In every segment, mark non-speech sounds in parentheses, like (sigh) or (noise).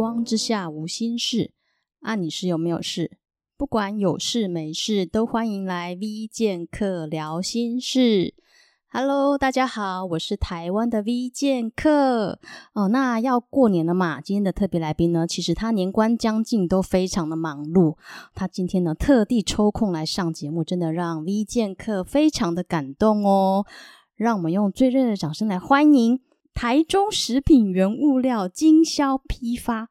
光之下無心事，阿女士有沒有事？不管有事沒事，都歡迎來 V 劍客聊心事。Hello，大家好，我是台灣的 V 劍客。哦，那要過年了嘛，今天的特別來賓呢，其實他年關將近都非常的忙碌，他今天呢特地抽空來上節目，真的讓 V 劍客非常的感動哦。讓我們用最熱烈的掌聲來歡迎台中食品原物料經銷批發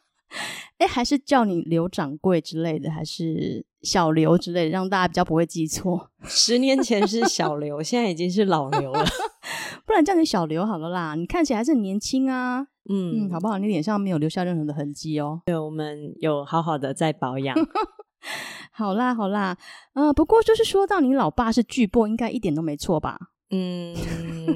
哎，還是叫你劉掌櫃之類的，還是小劉之類的，讓大家比較不會記錯。十年前是小劉， (laughs) 現在已經是老劉了。 (laughs) 不然叫你小劉好了啦。你看起來還是很年輕啊，嗯。嗯，好不好？你臉上沒有留下任何的痕跡哦。對，我們有好好的在保養。 (laughs) 好啦，好啦。呃，不過就是說到你老爸是巨擘，應該一點都沒錯吧？嗯，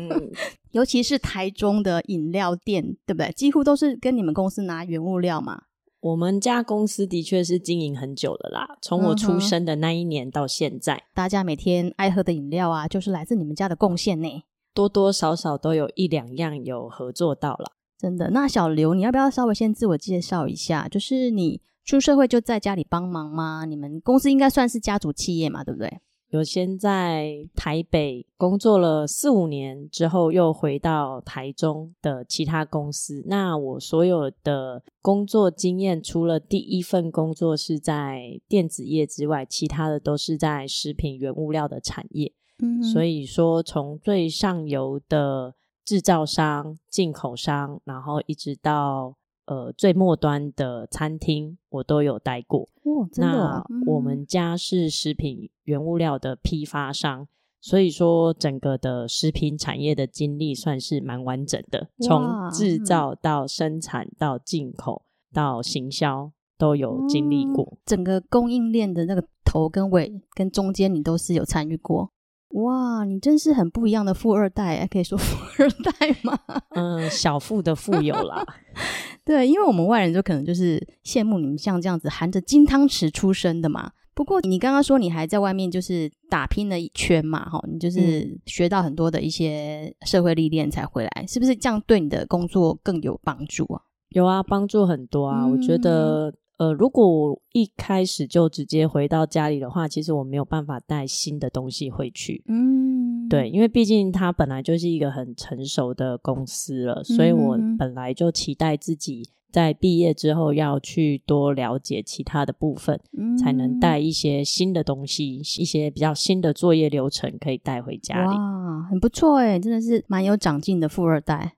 (laughs) 尤其是台中的飲料店，對不對？幾乎都是跟你們公司拿原物料嘛。我們家公司的確是經營很久了啦，從我出生的那一年到現在，嗯、大家每天愛喝的飲料啊，就是來自你們家的貢獻呢，多多少少都有一兩樣有合作到了。真的，那小劉，你要不要稍微先自我介紹一下？就是你出社會就在家裡幫忙嗎？你們公司應該算是家族企業嘛，對不對？有先在台北工作了四五年之後，又回到台中的其他公司。那我所有的工作經驗，除了第一份工作是在電子業之外，其他的都是在食品原物料的產業。嗯，所以說，從最上游的製造商、進口商，然後一直到。呃，最末端的餐廳我都有待過、哦啊嗯。那我們家是食品原物料的批發商，所以說整個的食品產業的經歷算是蠻完整的，從製造到生產到進口到行銷都有經歷過、嗯嗯。整個供應鏈的那個頭跟尾跟中間，你都是有參與過。哇，你真是很不一樣的富二代，哎，可以說富二代嗎？嗯，小富的富有啦。 (laughs) 對，因為我們外人就可能就是羨慕你們像這樣子含着金湯匙出生的嘛。不過你剛剛說你還在外面就是打拼了一圈嘛，哈，你就是學到很多的一些社會歷練才回來，是不是？這樣對你的工作更有幫助啊？有啊，幫助很多啊，嗯、我覺得。呃，如果我一開始就直接回到家裡的話，其實我沒有辦法帶新的東西回去。嗯，對，因為畢竟它本來就是一個很成熟的公司了，所以我本來就期待自己在畢業之後要去多了解其他的部分，嗯、才能帶一些新的東西，一些比較新的作業流程可以帶回家裡。哇，很不錯誒，真的是蠻有長進的富二代。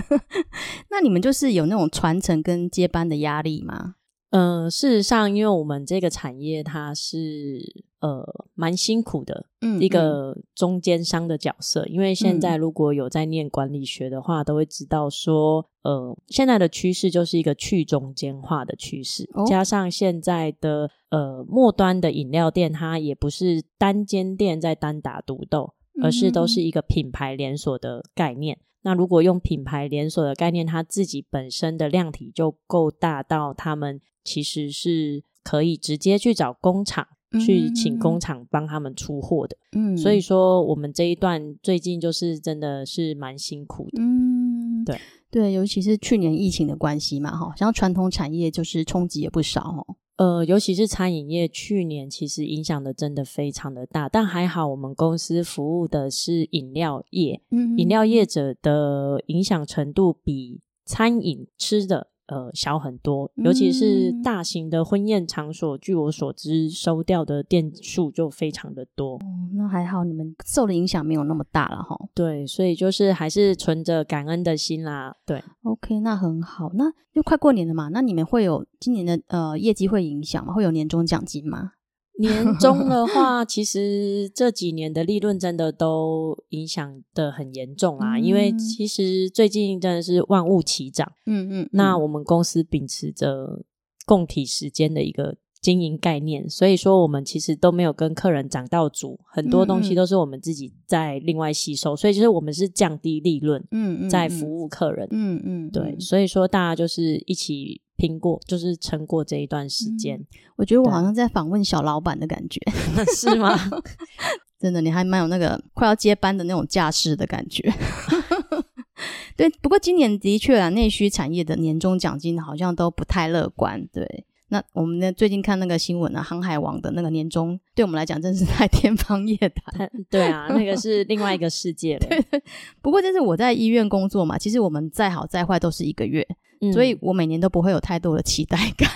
(laughs) 那你們就是有那種傳承跟接班的壓力嗎？嗯、呃，事實上，因為我們這個產業它是呃蠻辛苦的、嗯嗯，一個中間商的角色。因為現在如果有在念管理學的話、嗯，都會知道說，呃，現在的趨勢就是一個去中間化的趨勢，哦、加上現在的呃末端的飲料店，它也不是單間店在單打獨鬥、嗯，而是都是一個品牌連鎖的概念。那如果用品牌連鎖的概念，它自己本身的量體就夠大，到他們其實是可以直接去找工廠，嗯嗯嗯，去請工廠幫他們出貨的。嗯，所以說我們這一段最近就是真的是蠻辛苦的。嗯，對對，尤其是去年疫情的關係嘛，哈，像傳統產業就是衝擊也不少，呃，尤其是餐飲業，去年其實影響的真的非常的大，但還好我們公司服務的是飲料業，嗯哼，飲料業者的影響程度比餐飲吃的。呃，小很多，尤其是大型的婚宴場所，嗯、據我所知，收掉的店數就非常的多。哦，那還好，你們受的影響沒有那麼大了，哦，哈。對，所以就是還是存着感恩的心啦。對，OK，那很好。那就快過年了嘛，那你們會有今年的呃業績會影響嗎？會有年終獎金嗎？年終的話， (laughs) 其實這幾年的利潤真的都影響的很嚴重啊，嗯，因為其實最近真的是萬物齊漲，嗯，嗯嗯。那我們公司秉持着共體時艱的一個經營概念，所以說我們其實都沒有跟客人漲到足，很多東西都是我們自己在另外吸收，嗯嗯，所以就是我們是降低利潤，嗯，嗯嗯，在服務客人，嗯，嗯嗯，對，所以說大家就是一起拼過，就是撐過這一段時間，嗯。我覺得我好像在訪問小老板的感覺， (laughs) 是嗎？ (laughs) 真的，你還蠻有那個快要接班的那種架勢的感覺。 (laughs) 對，不過今年的確啊，內需產業的年終獎金好像都不太樂觀，對。那我們呢？最近看那個新聞呢、啊，《航海王》的那個年終，對我們來講真是太天方夜譚。對啊，那個是另外一個世界的 (laughs) 不過，這是我在醫院工作嘛，其實我們再好再壞都是一個月，嗯、所以我每年都不會有太多的期待感，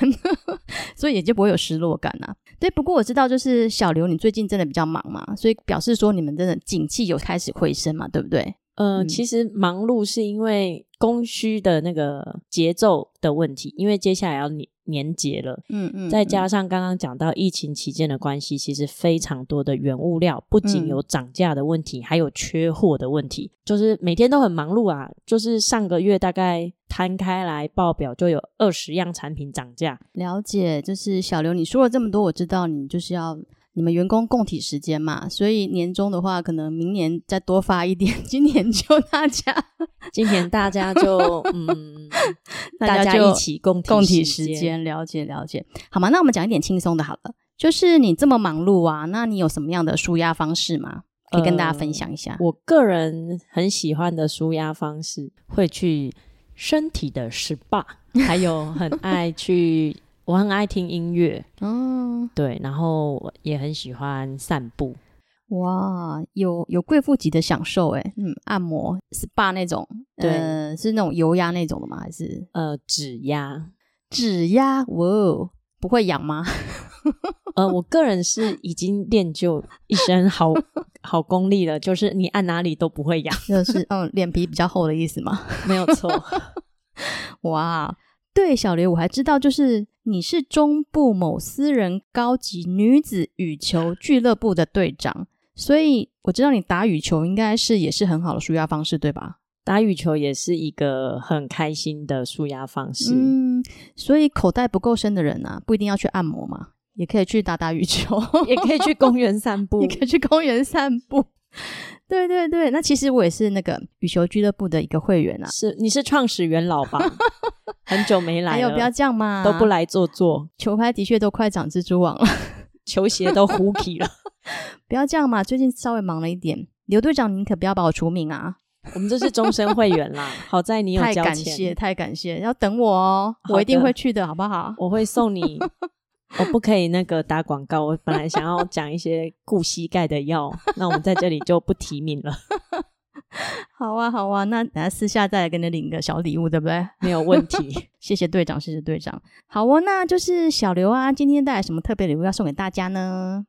(laughs) 所以也就不會有失落感啊。對，不過我知道，就是小劉，你最近真的比較忙嘛，所以表示說你們真的景氣有開始回升嘛，對不對？呃、嗯，其實忙碌是因為供需的那個節奏的問題，因為接下來要你。年節了，嗯嗯，嗯，再加上剛剛講到疫情期間的關係，其實非常多的原物料不僅有漲價的問題，還有缺貨的問題，嗯，就是每天都很忙碌啊。就是上個月大概攤開來報表，就有二十樣產品漲價。了解，就是小劉，你說了這麼多，我知道你就是要。你們員工共體時間嘛，所以年終的話，可能明年再多發一點，今年就大家，今年大家就 (laughs) 嗯， (laughs) 大家一起共體時間，共體時間，了解了解，好嗎？那我們講一點輕鬆的，好了，就是你這麼忙碌啊，那你有什麼樣的舒壓方式嗎？可以跟大家分享一下。呃、我個人很喜歡的舒壓方式，會去身體的 SPA，還有很愛去。 (laughs) 我很愛聽音樂，嗯，對，然後也很喜歡散步。哇，有有貴婦級的享受哎，嗯，按摩 SPA 那種，對，呃、是那種油壓那種的嗎？還是呃，指壓？指壓？哇、哦，不會癢嗎？呃，我個人是已經練就一身好 (laughs) 好功力了，就是你按哪裡都不會癢。就是嗯，臉皮比較厚的意思嘛？沒有錯。 (laughs) 哇，對，小劉我還知道就是。你是中部某私人高級女子羽球俱樂部的隊長，所以我知道你打羽球應該是也是很好的舒壓方式，對吧？打羽球也是一個很開心的舒壓方式。嗯，所以口袋不夠深的人啊，不一定要去按摩嘛，也可以去打打羽球， (laughs) 也可以去公園散步， (laughs) 也可以去公園散步。對對對，那其實我也是那個羽球俱樂部的一個會員啊，是你是創始元老吧？ (laughs) 很久沒來，還、哎，有不要這樣嘛，都不來坐坐。球拍的確都快長蜘蛛網了， (laughs) 球鞋都呼皮了， (laughs) 不要這樣嘛，最近稍微忙了一點。劉隊長，您可不要把我除名啊，我們這是終身會員啦。 (laughs) 好在你有交錢，太感謝，太感謝，要等我哦，我一定會去的，好不好？我會送你。 (laughs) (laughs) 我不可以那個打廣告，我本來想要講一些顧膝蓋的藥， (laughs) 那我們在這裡就不提名了 (laughs) (laughs) 好啊，好啊，那等下私下再來跟你領個小禮物，對不對？ (laughs) 沒有問題。 (laughs) 謝謝隊長，謝謝隊長。好哦，那就是小劉啊，今天帶來什麼特別禮物要送給大家呢？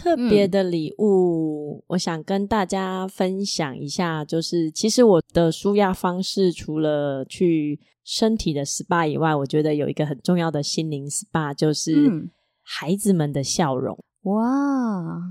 特別的禮物，嗯，我想跟大家分享一下，就是其實我的舒壓方式除了去身體的 SPA 以外，我覺得有一個很重要的心靈 SPA，就是孩子們的笑容。嗯。哇，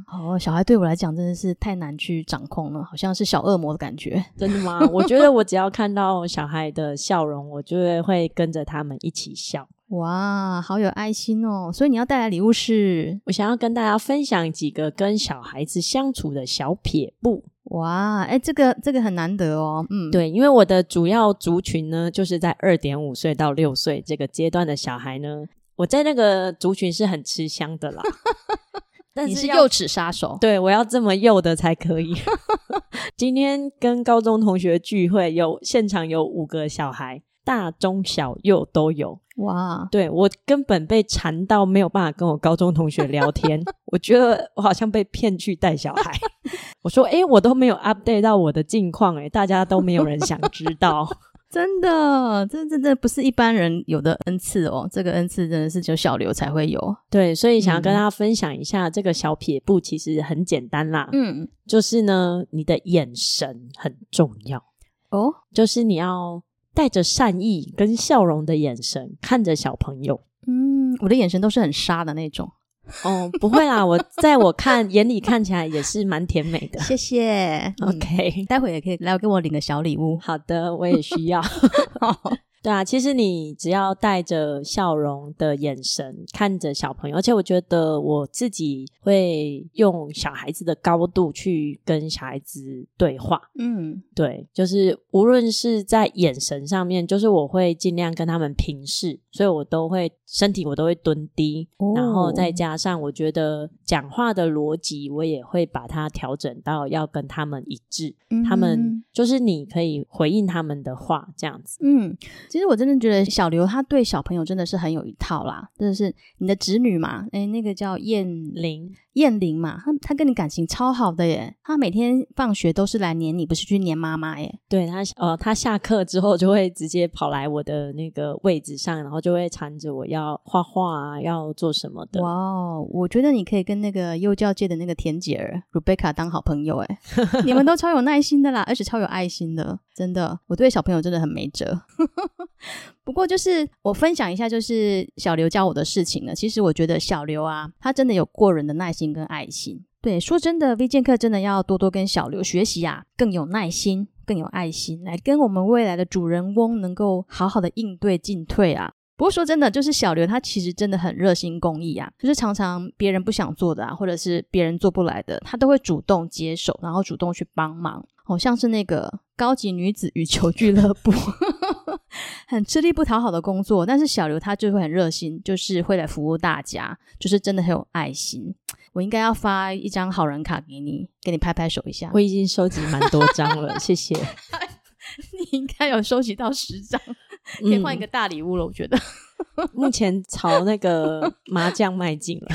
哦，小孩對我來講真的是太難去掌控了，好像是小惡魔的感覺。真的嗎？我覺得我只要看到小孩的笑容，我就會跟着他們一起笑。哇，好有愛心哦！所以你要帶來禮物是，我想要跟大家分享幾個跟小孩子相處的小撇步。哇，哎、欸，這個這個很難得哦。嗯，對，因為我的主要族群呢，就是在二點五歲到六歲這個階段的小孩呢。我在那個族群是很吃香的啦， (laughs) 你是幼齒殺手，對，我要這麼幼的才可以。 (laughs) 今天跟高中同學聚會，有現場有五個小孩，大中小幼都有。哇，對，我根本被纏到沒有辦法跟我高中同學聊天， (laughs) 我覺得我好像被騙去帶小孩。 (laughs) 我說，哎、欸，我都沒有 update 到我的近況，欸，哎，大家都沒有人想知道。 (laughs) 真的，真的真真不是一般人有的恩賜哦，這個恩賜真的是只有小劉才會有。對，所以想要跟大家分享一下，嗯，這個小撇步其實很簡單啦。嗯，就是呢，你的眼神很重要哦，就是你要帶着善意跟笑容的眼神看着小朋友。嗯，我的眼神都是很殺的那種。 (laughs) 哦，不會啦，我在我看 (laughs) 眼裡看起來也是蠻甜美的。謝謝，OK，嗯，待會也可以來給我領個小禮物。 (laughs) 好的，我也需要。 (laughs) (laughs) 對啊，其實你只要帶着笑容的眼神看着小朋友，而且我覺得我自己會用小孩子的高度去跟小孩子對話。嗯，對，就是無論是在眼神上面，就是我會盡量跟他們平視，所以我都會身體我都會蹲低、哦，然後再加上我覺得講話的邏輯我也會把它調整到要跟他們一致。嗯、他們就是你可以回應他們的話，這樣子。嗯。其實我真的覺得小劉他對小朋友真的是很有一套啦，真的是你的侄女嘛，誒、欸、那個叫燕玲。燕玲嘛，他她跟你感情超好的耶，他每天放學都是來黏你，不是去黏媽媽耶。對他，呃，她下課之後就會直接跑來我的那個位置上，然後就會纏着我要畫畫啊，要做什麼的。哇，wow，我覺得你可以跟那個幼教界的那個田姐兒 Rebecca 當好朋友哎， (laughs) 你們都超有耐心的啦，而且超有愛心的，真的，我對小朋友真的很沒轍。 (laughs) 不過就是我分享一下，就是小劉教我的事情呢，其實我覺得小劉啊，他真的有過人的耐心。心跟愛心，對，說真的，V 健客真的要多多跟小劉學習啊，更有耐心，更有愛心，來跟我們未來的主人翁能夠好好的應對進退啊。不過說真的，就是小劉他其實真的很熱心公益啊，就是常常別人不想做的啊，或者是別人做不來的，他都會主動接手，然後主動去幫忙。好、哦、像是那個高級女子羽球俱樂部， (laughs) (laughs) 很吃力不討好的工作，但是小劉他就會很熱心，就是會來服務大家，就是真的很有愛心。我應該要發一張好人卡給你，給你拍拍手一下。我已經收集蠻多張了， (laughs) 謝謝。你應該有收集到十張， (laughs) 可以換一個大禮物了。我覺得、嗯、目前朝那個麻將邁進了，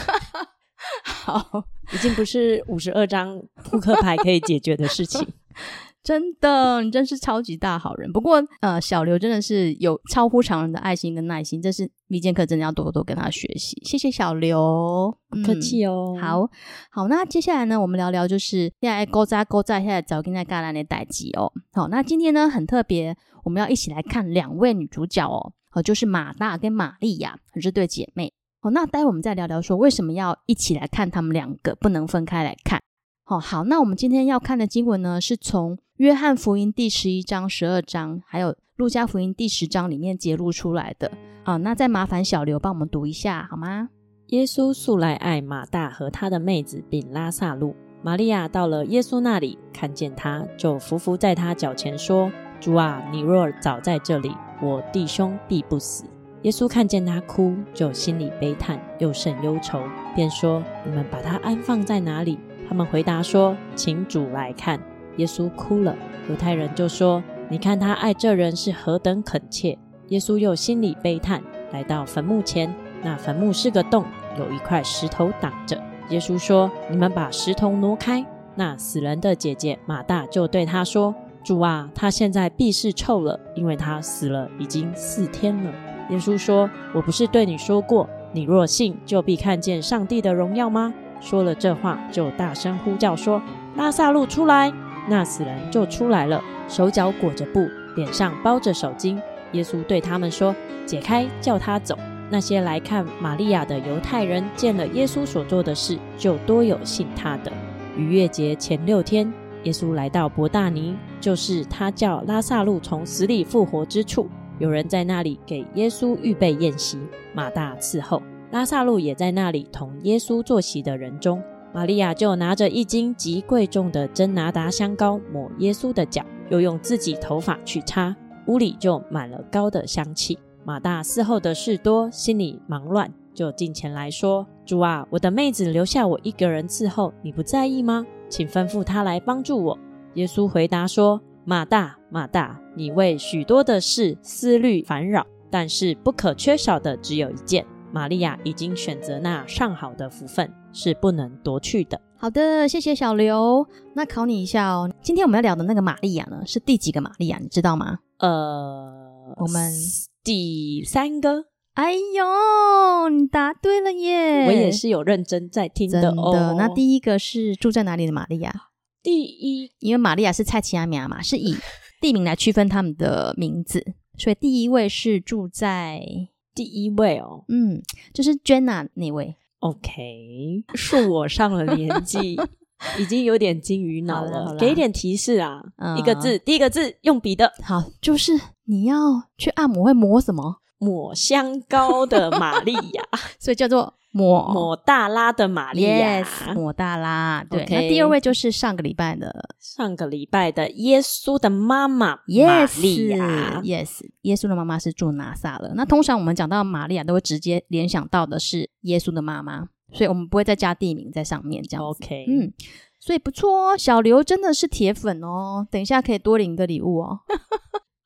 (laughs) 好，已經不是五十二張撲克牌可以解決的事情。 (laughs) 真的，你真是超級大好人。不過，呃，小劉真的是有超乎常人的愛心跟耐心，這是迷見客真的要多多跟他學習。謝謝小劉，不、嗯、客氣哦。好，好，那接下來呢，我們聊聊就是現在勾扎勾扎，現在已經早早在戛納的待機哦。好、哦，那今天呢很特別，我們要一起來看兩位女主角哦，好，就是馬大跟馬利亞，很這對姐妹。好、哦，那待會我們再聊聊說為什麼要一起來看他們兩個，不能分開來看。好、哦，好，那我們今天要看的經文呢，是從約翰福音第十一章、十二章，還有路加福音第十章裡面節錄出來的。好、哦，那再麻煩小劉幫我們讀一下，好嗎？耶穌素來愛馬大和他的妹子並拉撒路。瑪利亞到了耶穌那裡，看見他就俯伏在他腳前說：“主啊，你若早在這裡，我弟兄必不死。”耶穌看見他哭，就心裡悲嘆，又甚憂愁，便說：“你們把他安放在哪裡？”他們回答說：“請主來看。”耶穌哭了。猶太人就說：“你看他愛這人是何等懇切。”耶穌又心裡悲嘆，來到墳墓前。那墳墓是個洞，有一塊石頭擋着。耶穌說：“你們把石頭挪開。”那死人的姐姐馬大就對他說：“主啊，他現在必是臭了，因為他死了已經四天了。”耶穌說：“我不是對你說過，你若信，就必看見上帝的榮耀嗎？”說了這話，就大聲呼叫說：“拉薩路出來！”那死人就出來了，手腳裹着布，臉上包着手巾。耶穌對他們說：“解開，叫他走。”那些來看瑪利亞的猶太人見了耶穌所做的事，就多有信他的。逾越節前六天，耶穌來到伯大尼，就是他叫拉薩路從死裡復活之處。有人在那裡給耶穌預備宴席，馬大伺候。拉薩路也在那裡同耶穌坐席的人中，瑪利亞就拿着一斤極貴重的真哪噠香膏抹耶穌的腳，又用自己頭髮去擦，屋裡就滿了膏的香氣。馬大伺候的事多，心裡忙亂，就近前來說：“主啊，我的妹子留下我一個人伺候，你不在意嗎？請吩咐她來幫助我。”耶穌回答說：“馬大，馬大，你為許多的事思慮煩擾，但是不可缺少的只有一件。”瑪利亞已經選擇那上好的福分，是不能奪去的。好的，謝謝小劉。那考你一下哦，今天我們要聊的那個瑪利亞呢，是第幾個瑪利亞？你知道嗎？呃，我們第三個。哎呦，你答對了耶！我也是有認真在聽的哦。那第一個是住在哪裡的瑪利亞？第一，因為瑪利亞是菜市仔名嘛，是以地名來區分他們的名字， (laughs) 所以第一位是住在。第一位哦，嗯，就是娟娜那位？OK，恕我上了年紀， (laughs) 已經有點金魚腦了， (laughs) 了了給點提示啊，嗯，一個字，第一個字，用筆的，好，就是你要去按摩會抹什麼？抹香膏的瑪利亞， (laughs) 所以叫做。抹抹大拉的瑪利亞，抹、yes, 大拉。對，okay, 那第二位就是上個禮拜的，上個禮拜的耶穌的媽媽，yes, 瑪利亞。Yes，耶穌的媽媽是住拿撒勒。那通常我們講到瑪利亞，都會直接聯想到的是耶穌的媽媽，所以我們不會再加地名在上面這樣子。OK，嗯，所以不錯哦，小劉真的是鐵粉哦，等一下可以多領個禮物哦。 (laughs)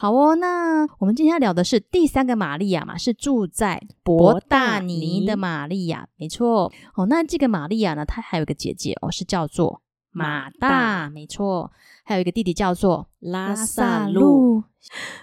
好哦，那我們今天要聊的是第三個瑪利亞嘛，是住在伯大尼的瑪利亞，沒錯。哦，那這個瑪利亞呢，她還有一個姐姐哦，是叫做馬大，沒錯，還有一個弟弟叫做拉薩路，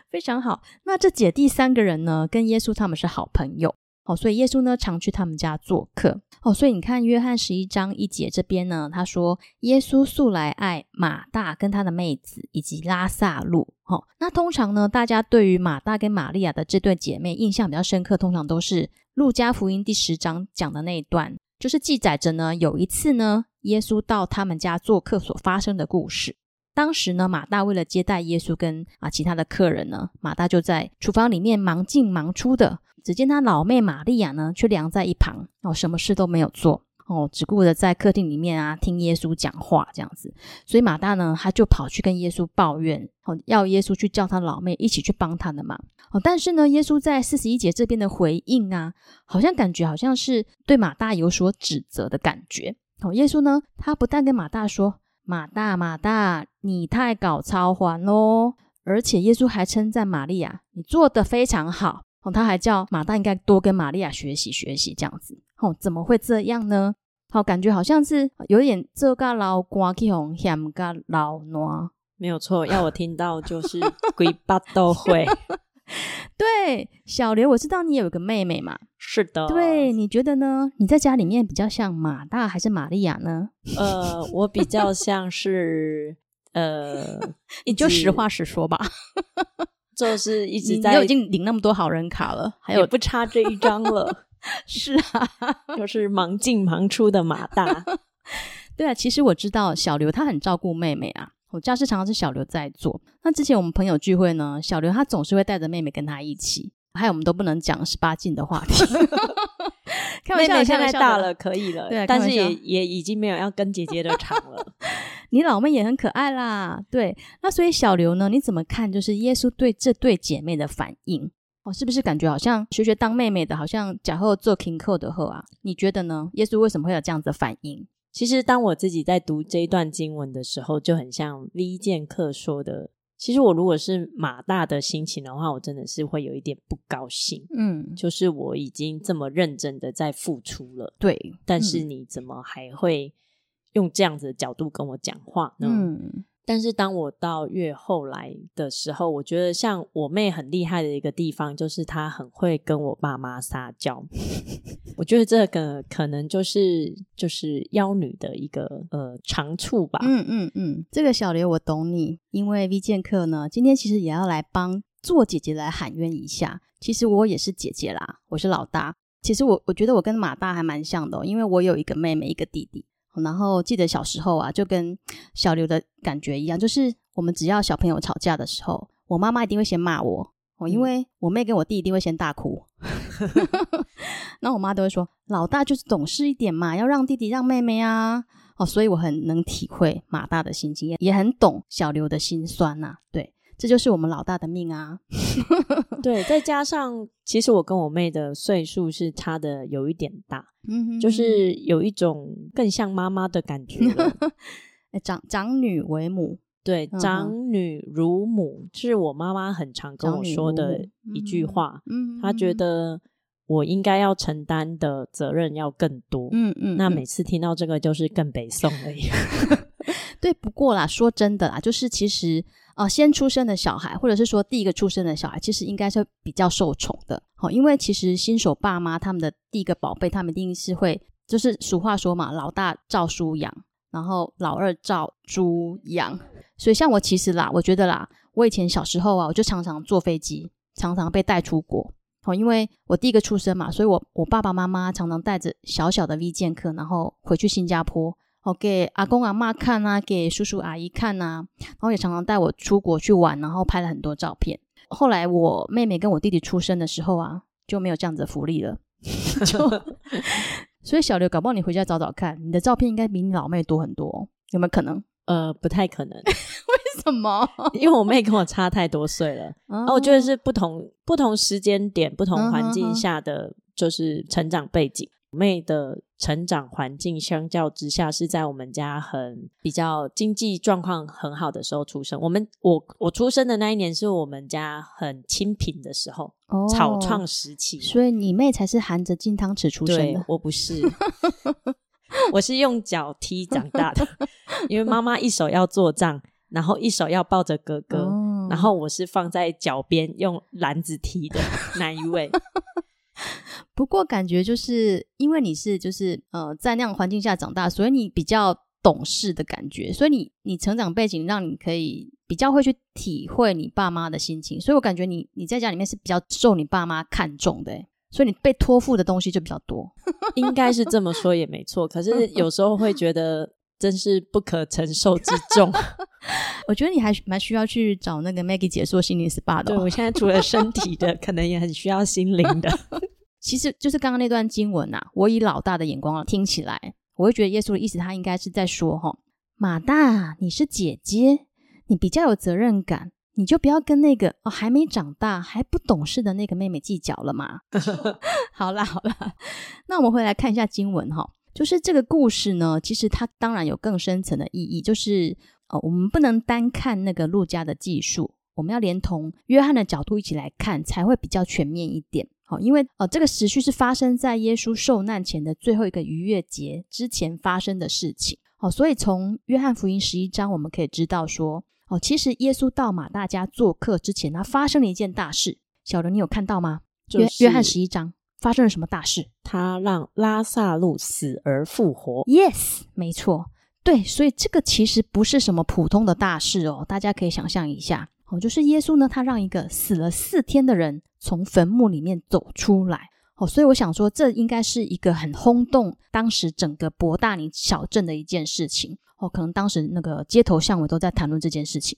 非常好。那這姐弟三個人呢，跟耶穌他們是好朋友。哦，所以耶穌呢常去他們家做客。哦，所以你看約翰十一章一節這邊呢，他說耶穌素來愛馬大跟他的妹子以及拉薩路。好、哦，那通常呢，大家對於馬大跟瑪利亞的這對姐妹印象比較深刻，通常都是路加福音第十章講的那一段，就是記載着呢，有一次呢，耶穌到他們家做客所發生的故事。當時呢，馬大為了接待耶穌跟啊其他的客人呢，馬大就在廚房裡面忙進忙出的。只見他老妹瑪利亞呢，卻晾在一旁，哦，什麼事都沒有做，哦，只顧着在客廳裡面啊聽耶穌講話這樣子。所以馬大呢，他就跑去跟耶穌抱怨，哦，要耶穌去叫他老妹一起去幫他的忙。哦，但是呢，耶穌在四十一節這邊的回應啊，好像感覺好像是對馬大有所指責的感覺。哦，耶穌呢，他不但跟馬大說：“馬大，馬大，你太搞超還咯。”而且耶穌還稱讚瑪利亞：“你做得非常好。”哦，他還叫馬大，應該多跟瑪利亞學習學習，這樣子。哦，怎麼會這樣呢？好、哦，感覺好像是有點這個老瓜，恐嫌個老暖。沒有錯，要我聽到就是鬼八都會。 (laughs) (laughs) (laughs) 對，小劉，我知道你有一個妹妹嘛？是的。對，你覺得呢？你在家裡面比較像馬大還是瑪利亞呢？ (laughs) 呃，我比較像是 (laughs) 呃，一 (laughs) 你就實話實說吧。 (laughs) 就是一直在，你又已經領那麼多好人卡了，還有也不差這一張了， (laughs) 是啊，就是忙進忙出的馬大。 (laughs) 對啊，其實我知道小劉他很照顧妹妹啊，我家事常常是小劉在做。那之前我們朋友聚會呢，小劉他總是會帶着妹妹跟他一起，還有我們都不能講十八禁的話題。 (laughs) 妹妹現在大了，可以了，對啊、但是也也已經沒有要跟姐姐的場了。 (laughs) 你老妹也很可愛啦，對。那所以小劉呢？你怎麼看？就是耶穌對這對姐妹的反應？哦，是不是感覺好像學學當妹妹的，好像假後做 king kool 的後啊？你覺得呢？耶穌為什麼會有這樣子的反應？其實當我自己在讀這一段經文的時候，就很像 V 劍客說的。其實我如果是馬大的心情的話，我真的是會有一點不高興。嗯，就是我已經這麼認真的在付出了，對，但是你怎麼還會用這樣子的角度跟我講話呢？嗯嗯但是當我到越後來的時候，我覺得像我妹很厲害的一個地方，就是她很會跟我爸媽撒嬌。 (laughs) 我覺得這個可能就是就是妖女的一個呃長處吧。嗯嗯嗯，這個小劉我懂你，因為 V 劍客呢，今天其實也要來幫做姐姐來喊冤一下。其實我也是姐姐啦，我是老大。其實我我覺得我跟馬大還蠻像的哦，因為我有一個妹妹，一個弟弟。然後記得小時候啊，就跟小劉的感覺一樣，就是我們只要小朋友吵架的時候，我媽媽一定會先罵我，哦，因為我妹跟我弟一定會先大哭， (laughs) 然後我媽都會說，老大就是懂事一點嘛，要讓弟弟讓妹妹啊，哦，所以我很能體會馬大的心情，也也很懂小劉的心酸吶、啊，對。這就是我們老大的命啊 (laughs) ！對，再加上其實我跟我妹的歲數是差的有一點大， (laughs) 就是有一種更像媽媽的感覺、 (laughs) 欸。長長女為母，對，長女如母、嗯，是我媽媽很常跟我說的一句話。 (laughs) 她覺得我應該要承擔的責任要更多。 (laughs) 嗯嗯，嗯，那每次聽到這個就是更北宋的一個，對，不過啦，說真的啦，就是其實。啊，先出生的小孩，或者是說第一個出生的小孩，其實應該是比較受寵的。好，哦，因為其實新手爸媽他們的第一個寶貝，他們一定是會，就是俗話說嘛，老大照書養，然後老二照豬養。所以像我其實啦，我覺得啦，我以前小時候啊，我就常常坐飛機，常常被帶出國。哦，因為我第一個出生嘛，所以我我爸爸媽媽常常帶着小小的 V 劍客，然後回去新加坡。好，給阿公阿媽看啊，給叔叔阿姨看啊。然後也常常帶我出國去玩，然後拍了很多照片。後來我妹妹跟我弟弟出生的時候啊，就沒有這樣子的福利了。 (laughs) 就 (laughs) 所以小劉，搞不好你回家找找看，你的照片應該比你老妹多很多哦，有沒有可能？呃，不太可能。 (laughs) 為什麼？因為我妹跟我差太多歲了，啊， (laughs) 我覺得是不同、不同時間點、不同環境下的就是成長背景。我妹的成長環境相較之下是在我們家很比較經濟狀況很好的時候出生。我們我我出生的那一年是我們家很清貧的時候，oh, 草創時期。所以你妹才是含着金湯匙出生的，我不是，我是用腳踢長大的。 (laughs) 因為媽媽一手要做賬，然後一手要抱着哥哥，oh. 然後我是放在腳邊用籃子踢的那一位。 (laughs) 不過，感覺就是因為你是就是呃，在那樣環境下長大，所以你比較懂事的感覺，所以你你成長背景讓你可以比較會去體會你爸媽的心情，所以我感覺你你在家裡面是比較受你爸媽看重的，所以你被托付的東西就比較多，應該是這麼說也沒錯， (laughs) 可是有時候會覺得。真是不可承受之重。 (laughs) 我覺得你還蠻需要去找那個 Maggie 解說心靈 SPA 的。哦對。對，我現在除了身體的， (laughs) 可能也很需要心靈的。 (laughs) 其實就是剛剛那段經文吶、啊，我以老大的眼光聽起來，我會覺得耶穌的意思，他應該是在說，哦，吼，馬大，你是姐姐，你比較有責任感，你就不要跟那個哦還沒長大還不懂事的那個妹妹計較了嘛。 (laughs) 好啦好啦，那我們回來看一下經文哈、哦。就是這個故事呢，其實它當然有更深層的意義，就是、呃、我們不能單看那個路加的技術，我們要連同約翰的角度一起來看，才會比較全面一點。好、哦，因為呃，這個時序是發生在耶穌受難前的最後一個逾越節之前發生的事情。好、哦，所以從約翰福音十一章，我們可以知道說，哦，其實耶穌到馬大家做客之前，他發生了一件大事。小的，你有看到嗎？約約翰十一章。發生了什麼大事？他讓拉薩路死而復活。Yes，沒錯，對，所以這個其實不是什麼普通的大事哦。大家可以想象一下，哦，就是耶穌呢，他讓一個死了四天的人從墳墓裡面走出來。哦，所以我想說，這應該是一個很轟動當時整個伯大尼小鎮的一件事情。哦，可能當時那個街頭巷尾都在談論這件事情。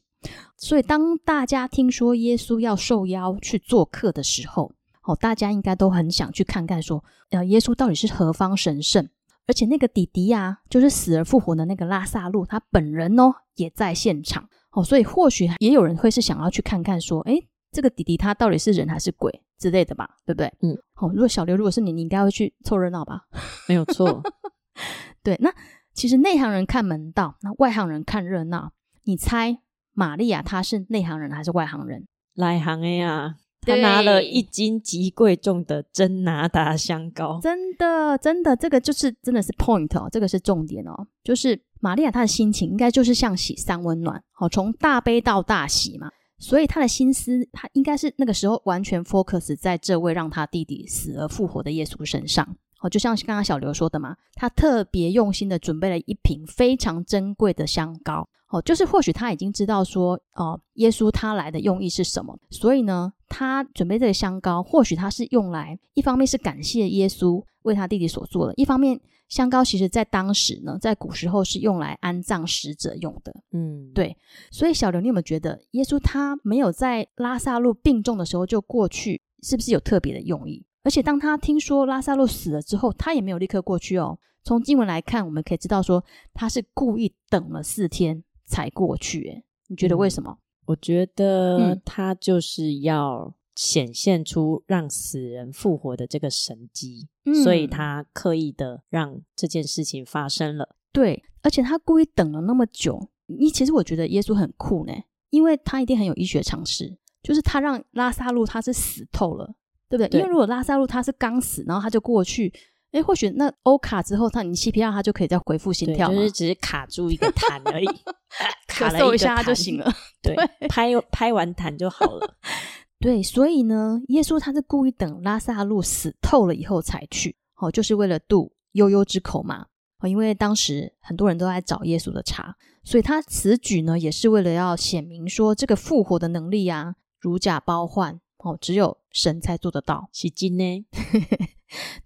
所以，當大家聽說耶穌要受邀去做客的時候，哦，大家應該都很想去看看，說，呃，耶穌到底是何方神聖？而且那個弟弟呀、啊，就是死而復活的那個拉撒路，他本人哦，也在現場。哦，所以或許也有人會是想要去看看，說，哎、欸，這個弟弟他到底是人還是鬼之類的吧？對不對？嗯。哦，如果小劉，如果是你，你應該會去湊熱鬧吧？沒有錯。 (laughs) 對，那其實內行人看門道，那外行人看熱鬧。你猜瑪利亞他是內行人還是外行人？內行的呀、啊。他拿了一斤極貴重的真哪噠香膏，真的，真的，這個就是真的是 point 哦，這個是重點哦，就是瑪利亞她的心情應該就是像洗三溫暖，好，從大悲到大喜嘛，所以她的心思她應該是那個時候完全 focus 在這位讓她弟弟死而復活的耶穌身上。哦，就像剛剛小劉說的嘛，他特別用心的準備了一瓶非常珍貴的香膏。哦，就是或許他已經知道說，哦、呃，耶穌他來的用意是什麼，所以呢，他準備這個香膏，或許他是用來，一方面是感謝耶穌為他弟弟所做的，一方面香膏其實在當時呢，在古時候是用來安葬死者用的。嗯，對。所以小劉，你有沒有覺得耶穌他沒有在拉薩路病重的時候就過去，是不是有特別的用意？而且，當他聽說拉撒路死了之後，他也沒有立刻過去哦。從經文來看，我們可以知道說，他是故意等了四天才過去。哎，你覺得為什麼？嗯，我覺得他就是要顯現出讓死人復活的這個神蹟，嗯，所以他刻意的讓這件事情發生了。對，而且他故意等了那麼久。你其實我覺得耶穌很酷呢，因為他一定很有醫學常識，就是他讓拉撒路他是死透了。對不對？因為如果拉撒路他是剛死，然後他就過去，哎，或許那歐卡之後他你 CPR 他就可以再恢復心跳，就是只是卡住一個痰而已、 (laughs) 啊，卡了一,一下他就行了。對，對，拍拍完痰就好了。 (laughs) 對，所以呢，耶穌他是故意等拉撒路死透了以後才去，哦，就是為了杜悠悠之口嘛。哦，因為當時很多人都在找耶穌的茬，所以他此舉呢，也是為了要顯明說這個復活的能力啊如假包換。哦，只有神才做得到，是奇蹟呢。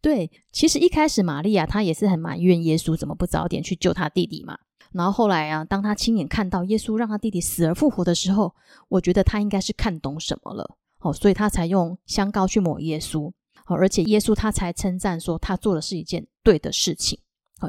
對，其實一開始瑪利亞她也是很埋怨耶穌，怎麼不早點去救她弟弟嘛。然後後來啊，當她親眼看到耶穌讓她弟弟死而復活的時候，我覺得她應該是看懂什麼了，所以她才用香膏去抹耶穌，而且耶穌他才稱讚說她做的是一件對的事情，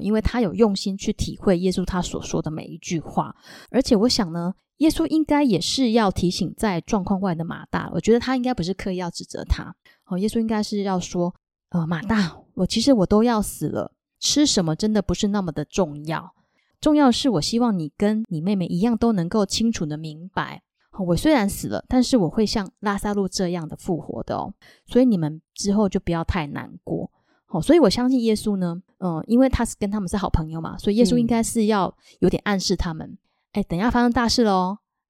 因為她有用心去體會耶穌他所說的每一句話，而且我想呢。耶穌應該也是要提醒在狀況外的馬大，我覺得他應該不是刻意要指責他哦。耶穌應該是要說：“呃，馬大，我其實我都要死了，吃什麼真的不是那麼的重要，重要的是我希望你跟你妹妹一樣都能夠清楚的明白，哦，我雖然死了，但是我會像拉撒路這樣的復活的哦。所以你們之後就不要太難過。哦，所以我相信耶穌呢，嗯，呃，因為他是跟他們是好朋友嘛，所以耶穌應該是要有點暗示他們。嗯”哎，等一下發生大事嘍，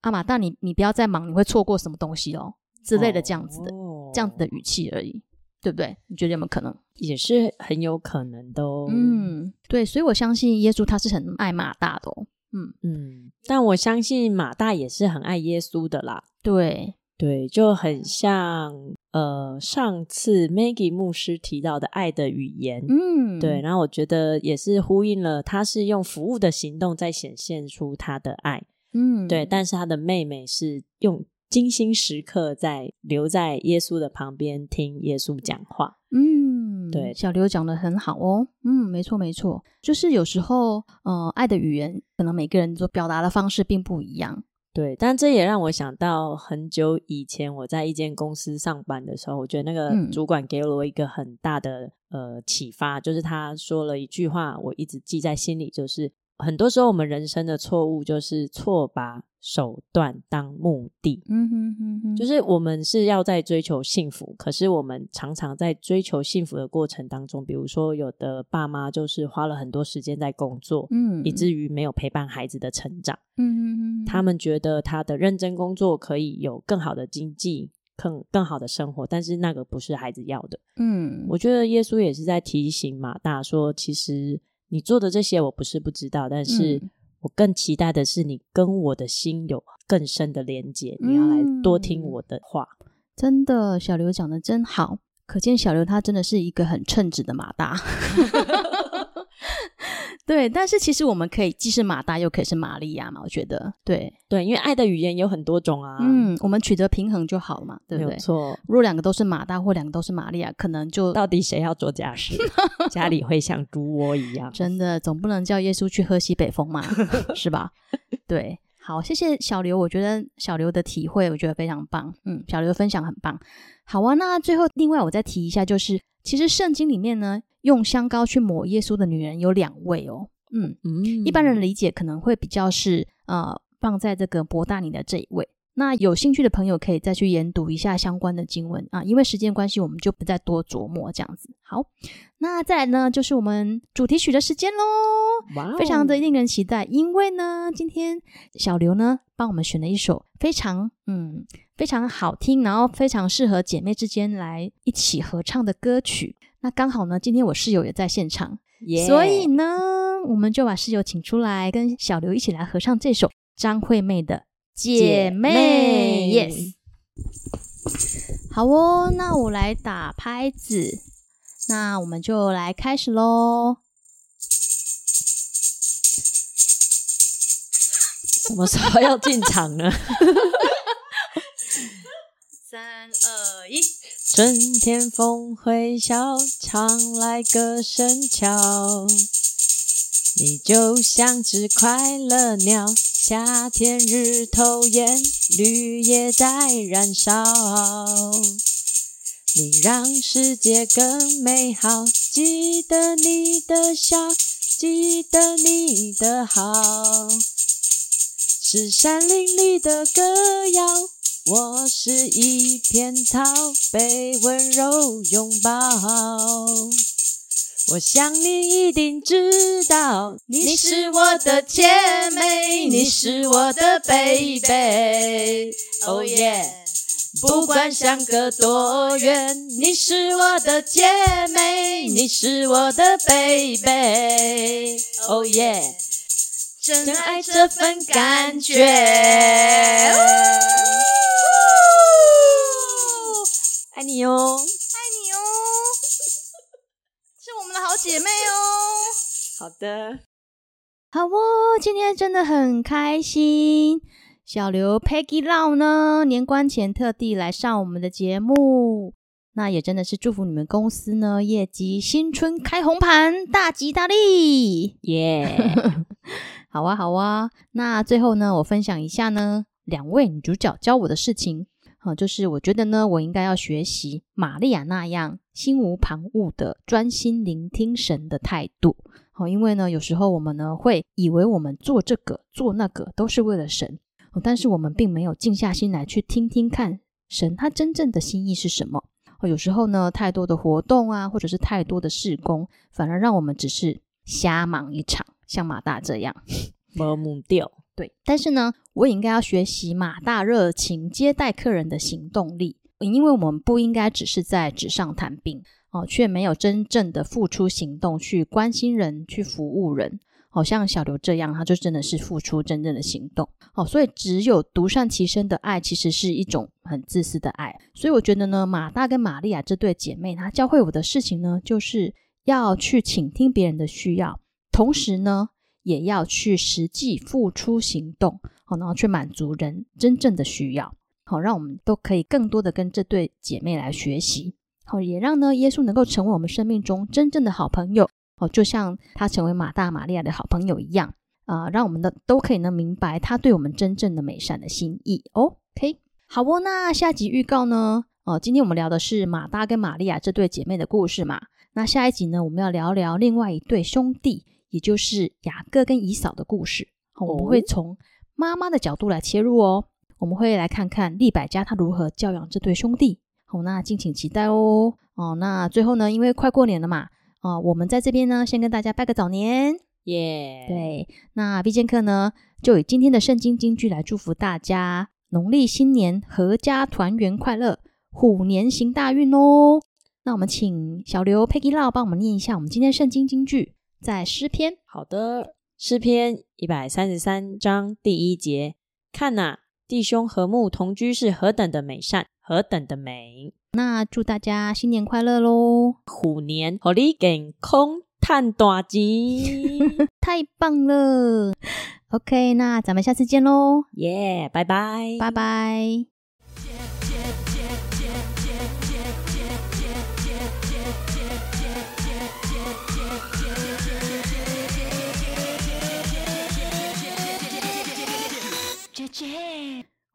阿、啊、馬大你，你你不要再忙，你會錯過什麼東西哦之類的，這樣子的、哦哦，這樣子的語氣而已，對不對？你覺得有沒有可能？也是很有可能的哦。嗯，對，所以我相信耶穌他是很愛馬大的哦。嗯嗯，但我相信馬大也是很愛耶穌的啦。對。對，就很像呃，上次 Maggie 牧師提到的愛的語言，嗯，對，然後我覺得也是呼應了，她是用服務的行動在顯現出她的愛，嗯，對，但是她的妹妹是用精心時刻在留在耶穌的旁邊聽耶穌講話，嗯，對，小劉講得很好哦，嗯，沒錯沒錯，就是有時候，呃，愛的語言可能每個人所表達的方式並不一樣。對，但這也讓我想到很久以前我在一間公司上班的時候，我覺得那個主管給了我一個很大的、嗯、呃啟發，就是他說了一句話，我一直記在心裡，就是。很多時候，我們人生的錯誤就是錯把手段當目的。嗯，就是我們是要在追求幸福，可是我們常常在追求幸福的過程當中，比如說有的爸媽就是花了很多時間在工作，以至於沒有陪伴孩子的成長。嗯，他們覺得他的認真工作可以有更好的經濟，更更好的生活，但是那個不是孩子要的。嗯，我覺得耶穌也是在提醒馬大說，其實。你做的這些我不是不知道，但是我更期待的是你跟我的心有更深的連接，嗯。你要來多聽我的話，真的，小劉講得真好，可見小劉他真的是一個很稱職的馬大。 (laughs) (laughs) 對，但是其實我們可以既是馬大又可以是瑪利亞嘛，我覺得，對對，因為愛的語言有很多種啊。嗯，我們取得平衡就好了嘛，對不對？沒有錯，如果兩個都是馬大或兩個都是瑪利亞，可能就到底誰要做家事？ (laughs) 家裡會像豬窩一樣。 (laughs) 真的，總不能叫耶穌去喝西北風嘛， (laughs) 是吧？ (laughs) 對，好，謝謝小劉，我覺得小劉的體會我覺得非常棒。嗯，小劉的分享很棒。好啊，那最後另外我再提一下，就是其實聖經裡面呢。用香膏去抹耶穌的女人有兩位哦，嗯嗯，一般人理解可能會比較是呃放在這個伯大尼的這一位。那有興趣的朋友可以再去研讀一下相關的經文啊、呃，因為時間關係我們就不再多琢磨這樣子。好，那再來呢就是我們主題曲的時間嘍，Wow. 非常的令人期待，因為呢今天小劉呢幫我們選了一首非常嗯非常好聽，然後非常適合姐妹之間來一起合唱的歌曲。那剛好呢，今天我室友也在現場，yeah. 所以呢，我們就把室友請出來，跟小劉一起來合唱這首張惠妹的姐妹《姐妹》yes. 好哦，那我來打拍子，那我們就來開始嘍。什 (laughs) 麼時候要進場呢？ (laughs) 三二一，春天風會笑，常來歌聲俏。你就像只快樂鳥，夏天日頭炎，綠葉在燃燒。你讓世界更美好，記得你的笑，記得你的好，是山林裡的歌謠。我是一片草，被溫柔擁抱。我想你一定知道，你是我的姐妹，你是我的 baby，oh yeah。不管相隔多遠，你是我的姐妹，你是我的 baby，oh yeah。珍愛這份感覺。愛你哦，愛你哦，是我們的好姐妹哦。好的，好哦，今天真的很開心。小劉 Peggy Lau 呢，年關前特地來上我們的節目，那也真的是祝福你們公司呢，業績新春開紅盤，大吉大利，耶、yeah. (laughs) ！ (laughs) 好啊，好啊。那最後呢，我分享一下呢，兩位女主角教我的事情。好、嗯，就是我覺得呢，我應該要學習瑪利亞那樣心無旁騖的專心聆聽神的態度。好、哦，因為呢，有時候我們呢會以為我們做這個做那個都是為了神、哦，但是我們並沒有靜下心來去聽聽看神他真正的心意是什麼、哦。有時候呢，太多的活動啊，或者是太多的事工，反而讓我們只是瞎忙一場，像馬大這樣，盲目掉。對，但是呢，我也應該要學習馬大熱情接待客人的行動力，因為我們不應該只是在紙上談兵哦，卻沒有真正的付出行動去關心人、去服務人。好、哦、像小劉這樣，他就真的是付出真正的行動哦。所以，只有獨善其身的愛，其實是一種很自私的愛。所以，我覺得呢，馬大跟馬利亞這對姐妹，她教會我的事情呢，就是要去傾聽別人的需要，同時呢。也要去實際付出行動，好，然後去滿足人真正的需要，好，讓我們都可以更多的跟這對姐妹來學習，好，也讓呢耶穌能夠成為我們生命中真正的好朋友，哦，就像他成為馬大、馬利亞的好朋友一樣，啊，讓我們的都可以能明白他對我們真正的美善的心意。OK，好，哦，那下一集預告呢？哦，今天我們聊的是馬大跟馬利亞這對姐妹的故事嘛，那下一集呢，我們要聊聊另外一對兄弟。也就是雅各跟以掃的故事，哦哦，我們會從媽媽的角度來切入哦。我們會來看看利百加他如何教養這對兄弟。好，哦，那敬請期待哦。哦，那最後呢，因為快過年了嘛，啊，哦，我們在這邊呢，先跟大家拜個早年耶。Yeah. 對，那必見客呢，就以今天的聖經金句來祝福大家農曆新年合家團圓快樂，虎年行大運哦。那我們請小劉 Peggy Lau 幫我們念一下我們今天聖經金句。在詩篇，好的，詩篇一百三十三章第一節，看吶、啊，弟兄和睦同居是何等的美善，何等的美！那祝大家新年快樂嘍，虎年奧利給空嘆大吉， (laughs) 太棒了 (laughs) ！OK，那咱們下次見嘍，耶、yeah,，拜拜，拜拜。